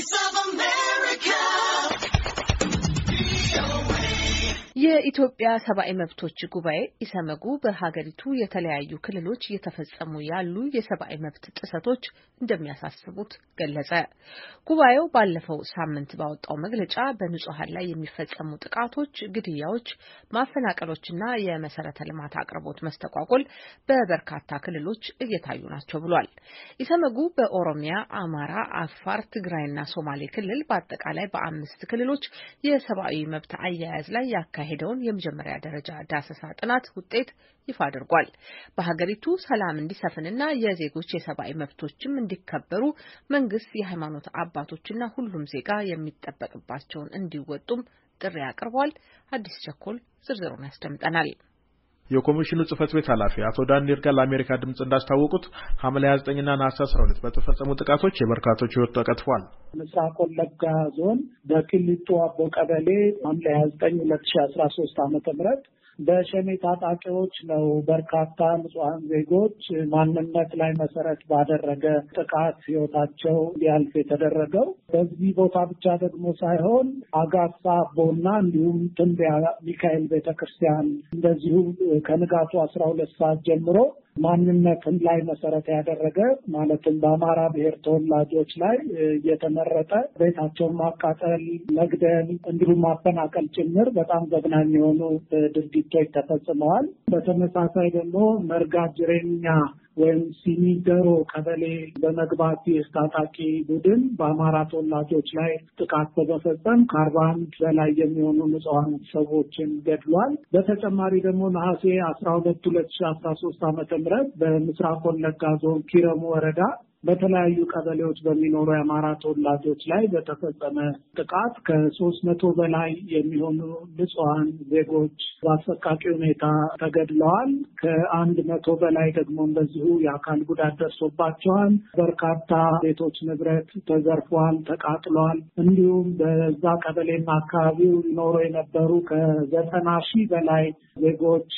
voice of የኢትዮጵያ ሰብአዊ መብቶች ጉባኤ ኢሰመጉ በሀገሪቱ የተለያዩ ክልሎች እየተፈጸሙ ያሉ የሰብአዊ መብት ጥሰቶች እንደሚያሳስቡት ገለጸ። ጉባኤው ባለፈው ሳምንት ባወጣው መግለጫ በንጹሐን ላይ የሚፈጸሙ ጥቃቶች፣ ግድያዎች፣ ማፈናቀሎችና የመሰረተ ልማት አቅርቦት መስተጓጎል በበርካታ ክልሎች እየታዩ ናቸው ብሏል። ኢሰመጉ በኦሮሚያ፣ አማራ፣ አፋር፣ ትግራይና ሶማሌ ክልል በአጠቃላይ በአምስት ክልሎች የሰብአዊ መብት አያያዝ ላይ ያካሄደውን ያካሄደውን የመጀመሪያ ደረጃ ዳሰሳ ጥናት ውጤት ይፋ አድርጓል። በሀገሪቱ ሰላም እንዲሰፍንና የዜጎች የሰብአዊ መብቶችም እንዲከበሩ መንግስት የሃይማኖት አባቶችና ሁሉም ዜጋ የሚጠበቅባቸውን እንዲወጡም ጥሪ አቅርቧል። አዲስ ቸኮል ዝርዝሩን ያስደምጠናል። የኮሚሽኑ ጽህፈት ቤት ኃላፊ አቶ ዳንኤል ይርጋ ለአሜሪካ ድምጽ እንዳስታወቁት ሐምሌ 29 እና ነሐሴ 12 በተፈጸሙ ጥቃቶች የበርካቶች ህይወት ተቀጥፏል። ምስራቅ ወለጋ ዞን በቅሊጦ አቦ ቀበሌ ሐምሌ 29 2013 ዓ.ም በሸኔ ታጣቂዎች ነው በርካታ ንጹሐን ዜጎች ማንነት ላይ መሰረት ባደረገ ጥቃት ህይወታቸው እንዲያልፍ የተደረገው። በዚህ ቦታ ብቻ ደግሞ ሳይሆን አጋሳ ቦና እንዲሁም ትንቢያ ሚካኤል ቤተክርስቲያን እንደዚሁ ከንጋቱ አስራ ሁለት ሰዓት ጀምሮ ማንነትን ላይ መሰረት ያደረገ ማለትም በአማራ ብሔር ተወላጆች ላይ እየተመረጠ ቤታቸውን ማቃጠል፣ መግደል እንዲሁም ማፈናቀል ጭምር በጣም ዘግናኝ የሆኑ ድርጊቶች ተፈጽመዋል። በተመሳሳይ ደግሞ መርጋ ጅሬኛ ወይም ሲሚደሮ ቀበሌ በመግባት ይህ ቡድን በአማራ ተወላጆች ላይ ጥቃት በመፈጸም ከአርባ አንድ በላይ የሚሆኑ ንጹሐን ሰዎችን ገድሏል። በተጨማሪ ደግሞ ነሐሴ አስራ ሁለት ሁለት ሺ አስራ ሶስት አመተ ምህረት በምስራቅ ወለጋ ዞን ኪረሙ ወረዳ በተለያዩ ቀበሌዎች በሚኖሩ የአማራ ተወላጆች ላይ በተፈጸመ ጥቃት ከሶስት መቶ በላይ የሚሆኑ ንጹሐን ዜጎች በአሰቃቂ ሁኔታ ተገድለዋል። ከአንድ መቶ በላይ ደግሞ እንደዚሁ የአካል ጉዳት ደርሶባቸዋል። በርካታ ቤቶች ንብረት ተዘርፏል፣ ተቃጥሏል። እንዲሁም በዛ ቀበሌና አካባቢው ይኖሩ የነበሩ ከዘጠና ሺህ በላይ ዜጎች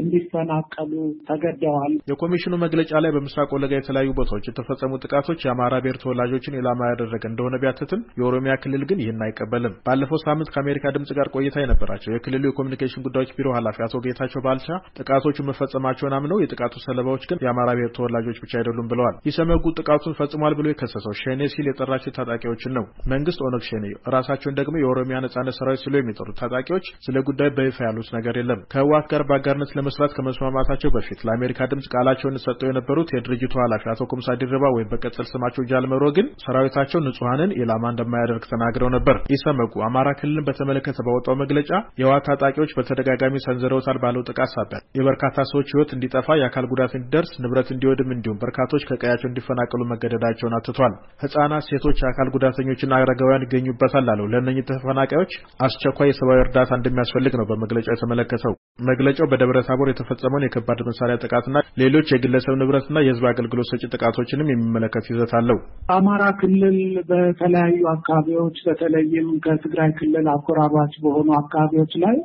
እንዲፈናቀሉ ተገደዋል። የኮሚሽኑ መግለጫ ላይ በምስራቅ ወለጋ የተለያዩ ቦታዎች የተፈጸሙ ጥቃቶች የአማራ ብሔር ተወላጆችን ኢላማ ያደረገ እንደሆነ ቢያትትም የኦሮሚያ ክልል ግን ይህን አይቀበልም። ባለፈው ሳምንት ከአሜሪካ ድምጽ ጋር ቆይታ የነበራቸው የክልሉ የኮሚኒኬሽን ጉዳዮች ቢሮ ኃላፊ አቶ ጌታቸው ባልቻ ጥቃቶቹ መፈጸማቸውን አምነው የጥቃቱ ሰለባዎች ግን የአማራ ብሔር ተወላጆች ብቻ አይደሉም ብለዋል። ኢሰመጉ ጥቃቱን ፈጽሟል ብሎ የከሰሰው ሸኔ ሲል የጠራቸው ታጣቂዎችን ነው። መንግስት ኦነግ ሸኔ፣ ራሳቸውን ደግሞ የኦሮሚያ ነጻነት ሰራዊት ሲሉ የሚጠሩት ታጣቂዎች ስለ ጉዳዩ በይፋ ያሉት ነገር የለም። ከህወሓት ጋር በአጋርነት ለመስራት ከመስማማታቸው በፊት ለአሜሪካ ድምጽ ቃላቸውን ሰጥተው የነበሩት የድርጅቱ ኃላፊ አቶ ኩምሳ ዲርባ ወይም በቀጽል ስማቸው ጃልመሮ ግን ሰራዊታቸው ንጹሐንን ኢላማ እንደማያደርግ ተናግረው ነበር። ኢሰመጉ አማራ ክልልን በተመለከተ ባወጣው መግለጫ የህወሓት ታጣቂዎች በተደጋጋሚ ሰንዝረውታል ባለው ጥቃት ሳቢያ የበርካታ ሰዎች ህይወት እንዲጠፋ፣ የአካል ጉዳት እንዲደርስ፣ ንብረት እንዲወድም እንዲሁም በርካቶች ከቀያቸው እንዲፈናቀሉ መገደዳቸውን አትቷል። ህጻናት፣ ሴቶች፣ የአካል ጉዳተኞችና አረጋውያን ይገኙበታል አለው። ለእነኚህ ተፈናቃዮች አስቸኳይ የሰብአዊ እርዳታ እንደሚያስፈልግ ነው በመግለጫው የተመለከተው። መግለጫው በደብረ ታቦር የተፈጸመውን የከባድ መሳሪያ ጥቃትና ሌሎች የግለሰብ ንብረትና የህዝብ አገልግሎት ሰጪ ጥቃቶችንም የሚመለከት ይዘት አለው። አማራ ክልል በተለያዩ አካባቢዎች በተለይም ከትግራይ ክልል አጎራባች በሆኑ አካባቢዎች ላይ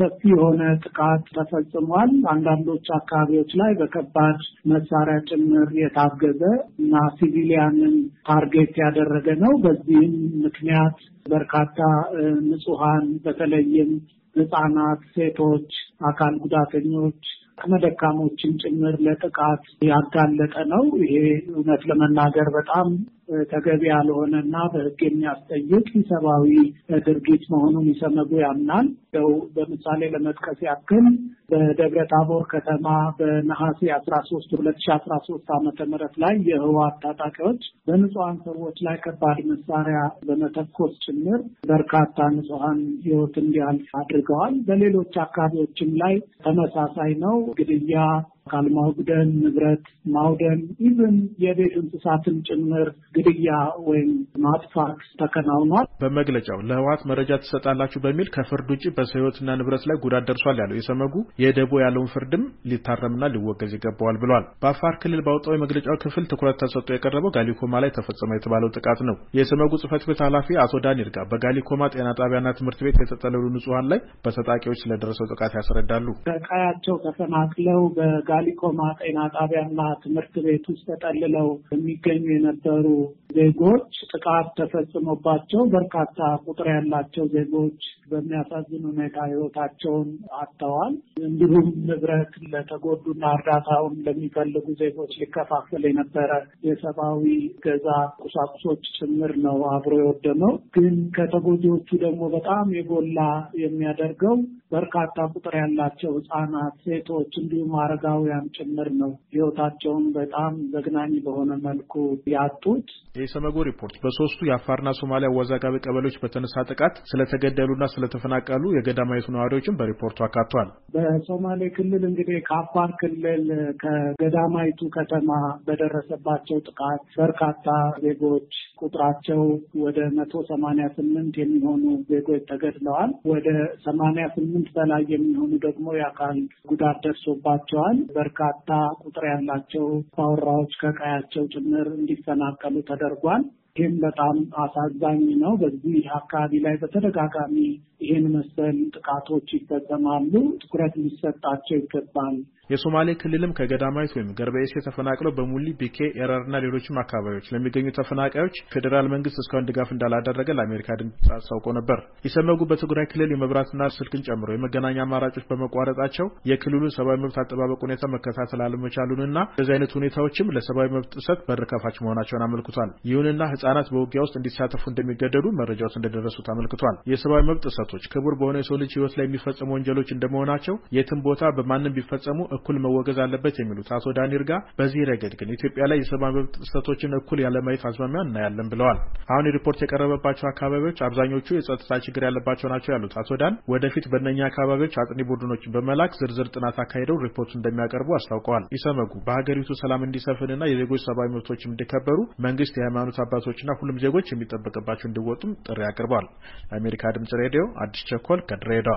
ሰፊ የሆነ ጥቃት ተፈጽሟል። አንዳንዶች አካባቢዎች ላይ በከባድ መሳሪያ ጭምር የታገዘ እና ሲቪሊያንን ታርጌት ያደረገ ነው። በዚህም ምክንያት በርካታ ንጹሐን በተለይም ህጻናት፣ ሴቶች፣ አካል ጉዳተኞች ከመደካሞችን ጭምር ለጥቃት ያጋለጠ ነው። ይሄ እውነት ለመናገር በጣም ተገቢ ያልሆነ እና በህግ የሚያስጠይቅ ኢሰብአዊ ድርጊት መሆኑን ይሰመጉ ያምናል። ው በምሳሌ ለመጥቀስ ያክል በደብረ ታቦር ከተማ በነሐሴ አስራ ሶስት ሁለት ሺ አስራ ሶስት አመተ ምህረት ላይ የህወሓት ታጣቂዎች በንጹሀን ሰዎች ላይ ከባድ መሳሪያ በመተኮስ ጭምር በርካታ ንጹሀን ህይወት እንዲያልፍ አድርገዋል። በሌሎች አካባቢዎችም ላይ ተመሳሳይ ነው ግድያ አካል ማውደም፣ ንብረት ማውደም፣ ኢቨን የቤት እንስሳትን ጭምር ግድያ ወይም ማጥፋት ተከናውኗል። በመግለጫው ለህወሓት መረጃ ትሰጣላችሁ በሚል ከፍርድ ውጭ በሰው ህይወትና ንብረት ላይ ጉዳት ደርሷል ያለው የሰመጉ የደቦ ያለውን ፍርድም ሊታረምና ሊወገዝ ይገባዋል ብሏል። በአፋር ክልል ባወጣው የመግለጫው ክፍል ትኩረት ተሰጥቶ የቀረበው ጋሊኮማ ላይ ተፈጸመ የተባለው ጥቃት ነው። የሰመጉ ጽህፈት ቤት ኃላፊ አቶ ዳኒር ጋር በጋሊኮማ ጤና ጣቢያና ትምህርት ቤት የተጠለሉ ንጹሀን ላይ በታጣቂዎች ስለደረሰው ጥቃት ያስረዳሉ። ከቀያቸው ተፈናቅለው በጋ ላሊኮማ ጤና ጣቢያና ትምህርት ቤት ውስጥ ተጠልለው የሚገኙ የነበሩ ዜጎች ጥቃት ተፈጽሞባቸው በርካታ ቁጥር ያላቸው ዜጎች በሚያሳዝን ሁኔታ ሕይወታቸውን አጥተዋል። እንዲሁም ንብረት ለተጎዱና እርዳታውን ለሚፈልጉ ዜጎች ሊከፋፈል የነበረ የሰብአዊ ገዛ ቁሳቁሶች ጭምር ነው አብሮ የወደመው። ግን ከተጎጂዎቹ ደግሞ በጣም የጎላ የሚያደርገው በርካታ ቁጥር ያላቸው ህጻናት፣ ሴቶች እንዲሁም አረጋውያን ጭምር ነው ህይወታቸውን በጣም ዘግናኝ በሆነ መልኩ ያጡት። የሰመጎ ሪፖርት በሶስቱ የአፋርና ሶማሊያ አወዛጋቢ ቀበሌዎች በተነሳ ጥቃት ስለተገደሉና ስለተፈናቀሉ የገዳማዊቱ ነዋሪዎችን በሪፖርቱ አካቷል። በሶማሌ ክልል እንግዲህ ከአፋር ክልል ከገዳማይቱ ከተማ በደረሰባቸው ጥቃት በርካታ ዜጎች ቁጥራቸው ወደ መቶ ሰማኒያ ስምንት የሚሆኑ ዜጎች ተገድለዋል። ወደ ሰማኒያ ስምንት ከስምንት በላይ የሚሆኑ ደግሞ የአካል ጉዳት ደርሶባቸዋል። በርካታ ቁጥር ያላቸው አባወራዎች ከቀያቸው ጭምር እንዲፈናቀሉ ተደርጓል። ይህም በጣም አሳዛኝ ነው። በዚህ አካባቢ ላይ በተደጋጋሚ ይህን መሰል ጥቃቶች ይፈጸማሉ፣ ትኩረት ሊሰጣቸው ይገባል። የሶማሌ ክልልም ከገዳማዊት ወይም ገርበኤሴ ተፈናቅለው በሙሊ፣ ቢኬ፣ ኤረርና ሌሎችም አካባቢዎች ለሚገኙ ተፈናቃዮች ፌዴራል መንግስት እስካሁን ድጋፍ እንዳላደረገ ለአሜሪካ ድምፅ አስታውቆ ነበር። ኢሰመጉ በትግራይ ክልል የመብራትና ስልክን ጨምሮ የመገናኛ አማራጮች በመቋረጣቸው የክልሉን ሰብአዊ መብት አጠባበቅ ሁኔታ መከታተል አለመቻሉንና እንደዚህ አይነት ሁኔታዎችም ለሰብአዊ መብት ጥሰት በር ከፋች መሆናቸውን አመልክቷል። ይሁንና ህጻናት በውጊያ ውስጥ እንዲሳተፉ እንደሚገደዱ መረጃዎች እንደደረሱት አመልክቷል። የሰብአዊ መብት ጥሰት ጥፋቶች ክቡር በሆነ የሰው ልጅ ህይወት ላይ የሚፈጸሙ ወንጀሎች እንደመሆናቸው የትም ቦታ በማንም ቢፈጸሙ እኩል መወገዝ አለበት የሚሉት አቶ ዳኒር ጋ በዚህ ረገድ ግን ኢትዮጵያ ላይ የሰብአዊ መብት ጥሰቶችን እኩል ያለማየት አዝማሚያ እናያለን ብለዋል። አሁን ሪፖርት የቀረበባቸው አካባቢዎች አብዛኞቹ የጸጥታ ችግር ያለባቸው ናቸው ያሉት አቶ ዳን ወደፊት በእነኛ አካባቢዎች አጥኒ ቡድኖችን በመላክ ዝርዝር ጥናት አካሂደው ሪፖርቱ እንደሚያቀርቡ አስታውቀዋል። ኢሰመጉ በሀገሪቱ ሰላም እንዲሰፍንና የዜጎች ሰብአዊ መብቶችም እንዲከበሩ መንግስት፣ የሃይማኖት አባቶችና ሁሉም ዜጎች የሚጠበቅባቸው እንዲወጡም ጥሪ አቅርቧል። ለአሜሪካ ድምጽ ሬዲዮ አዲስ ቸኮል ከድሬዳዋ